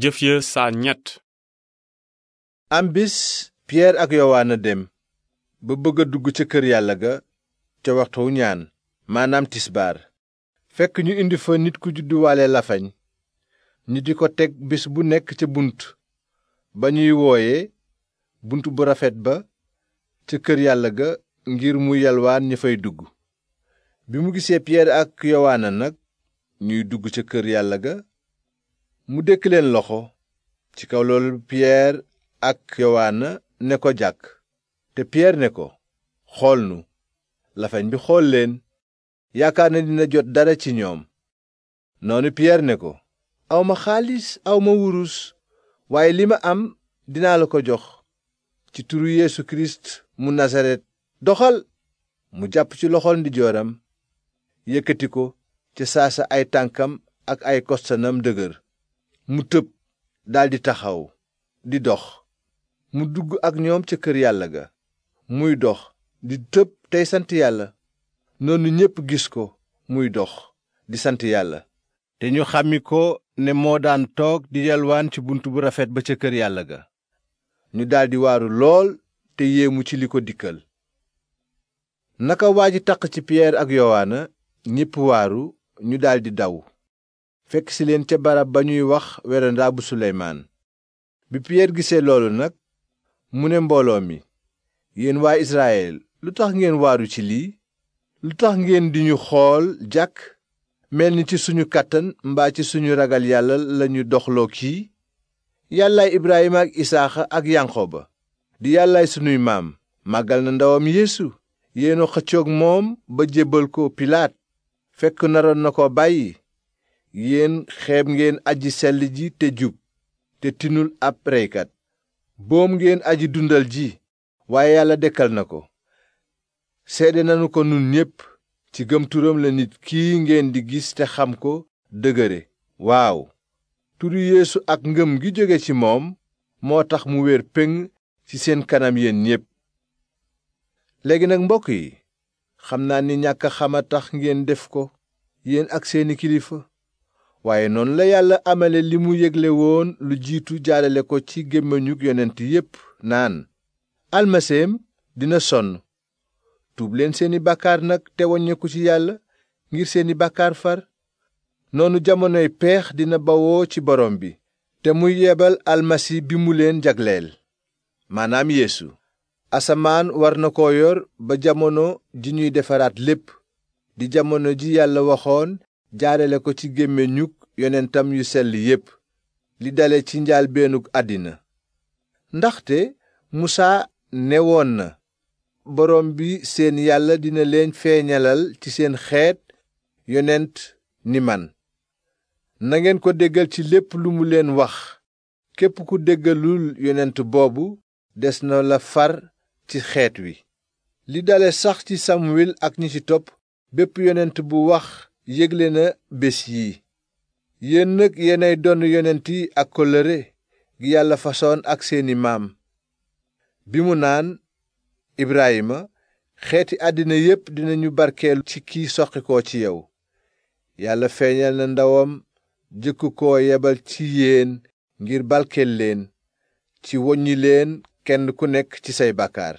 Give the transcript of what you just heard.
jëf ya saa ñett am bis piyeer ak yowaana dem ba bëgg a dugg ca kër yàlla ga ca waxtu ñaan maanaam tisbaar fekk ñu indi fa nit ku judduwaale lafañ ñu di ko teg bis bu nekk ca bunt ba ñuy wooye bunt bu rafet ba ca kër yàlla ga ngir mu yalwaan ña fay dugg bi mu gisee piyeer ak yowaana nag ñuy dugg ca kër yàlla ga mu dëkk leen loxo ci kaw loolu piyeer ak yowaana ne ko jàkk te piyeer ne ko xool nu lafañ bi xool leen yaakaar na dina jot dara ci ñoom noonu piyeer ne ko awma xaalis awma wurus waaye li ma am dinaa la ko jox ci turu yeesu kirist mu nasaret doxal mu jàpp ci loxol ndijooram yëkkati ko ca saasa ay tànkam ak ay kostanam dëgër mu tëb daldi taxaw di dox mu dugg ak ñoom ca kër yàlla ga muy dox di tëb tey sant yàlla noonu ñépp gis ko muy dox di sant yàlla te ñu xàmmi ko ne moo daan toog di yalwaan ci bunt bu rafet ba ca kër yàlla ga ñu daldi waaru lool te yéemu ci li ko dikkal naka waa ji taq ci piyeer ak yowaana ñépp waaru ñu daldi daw fekk si leen ca barab ba ñuy wax werandaa bu suleymaan bi piyeer gisee loolu nag mu ne mbooloo mi yéen waa israyil lu tax ngeen waaru ci lii lu tax ngeen di ñu xool jàkk mel ni ci suñu kàttan mbaa ci suñu ragal yàlla lañu doxloo kii yàllaay ibrahima ak isaaxa ak yanqooba di yàllaay sunuy maam màggal na ndawam yeesu yéenu xëccoog moom ba jébbal ko pilaat fekk naroon na ko bàyyi yéen xeeb ngeen aji sell ji te jub te tinul ab reykat boom ngeen aji dundal ji waaye yàlla dekkal na ko seede nanu ko nun ñépp ci gëm turam la nit kii ngeen di gis te xam ko dëgëre waaw turu yeesu ak ngëm gi jóge ci moom moo tax mu wér pen ci seen kanam yéen ñépp léegi nag mbokk yi xam naa ni ñàkk xama tax ngeen def ko yéen ak seeni kilifa waaye noonu la yàlla amale li mu yégle woon lu jiitu jaarale ko ci gémmiñu yonent yépp naan almaseem dina sonn tuub leen seeni bàkkaar nag te waññeeku ci yàlla ngir seeni bàkkaar far noonu jamonoy peex dina bawoo ci borom bi te muy yebal almasi bi mu leen jagleel maanaam yéesu asamaan war na ko yor ba jamono ji ñuy defaraat lépp di jamono ji yàlla waxoon jaarale ko ci gémmiñu yonentam yu sell yépp li dale ci njaal beenug àddina ndaxte musaa ne woon na boroom bi seen yàlla dina leen feeñalal ci seen xeet yonent ni man nangeen ko déggal ci lépp lu mu leen wax képp ku déggalul yonent boobu des na la far ci xeet wi li dale sax ci samwil ak ñi ci topp bépp yonent bu wax yégle na bés yi yéen nag yéenay donn yonent ak kóllëre gi yàlla fasoon ak seeni maam bi mu naan Ibrahima xeeti àddina yépp dinañu barkeelu ci kii soqi ko ci yow yàlla feeñal na ndawam jëkku ko yebal ci yéen ngir barkeel leen ci woññi leen kenn ku nekk ci say bàkkaar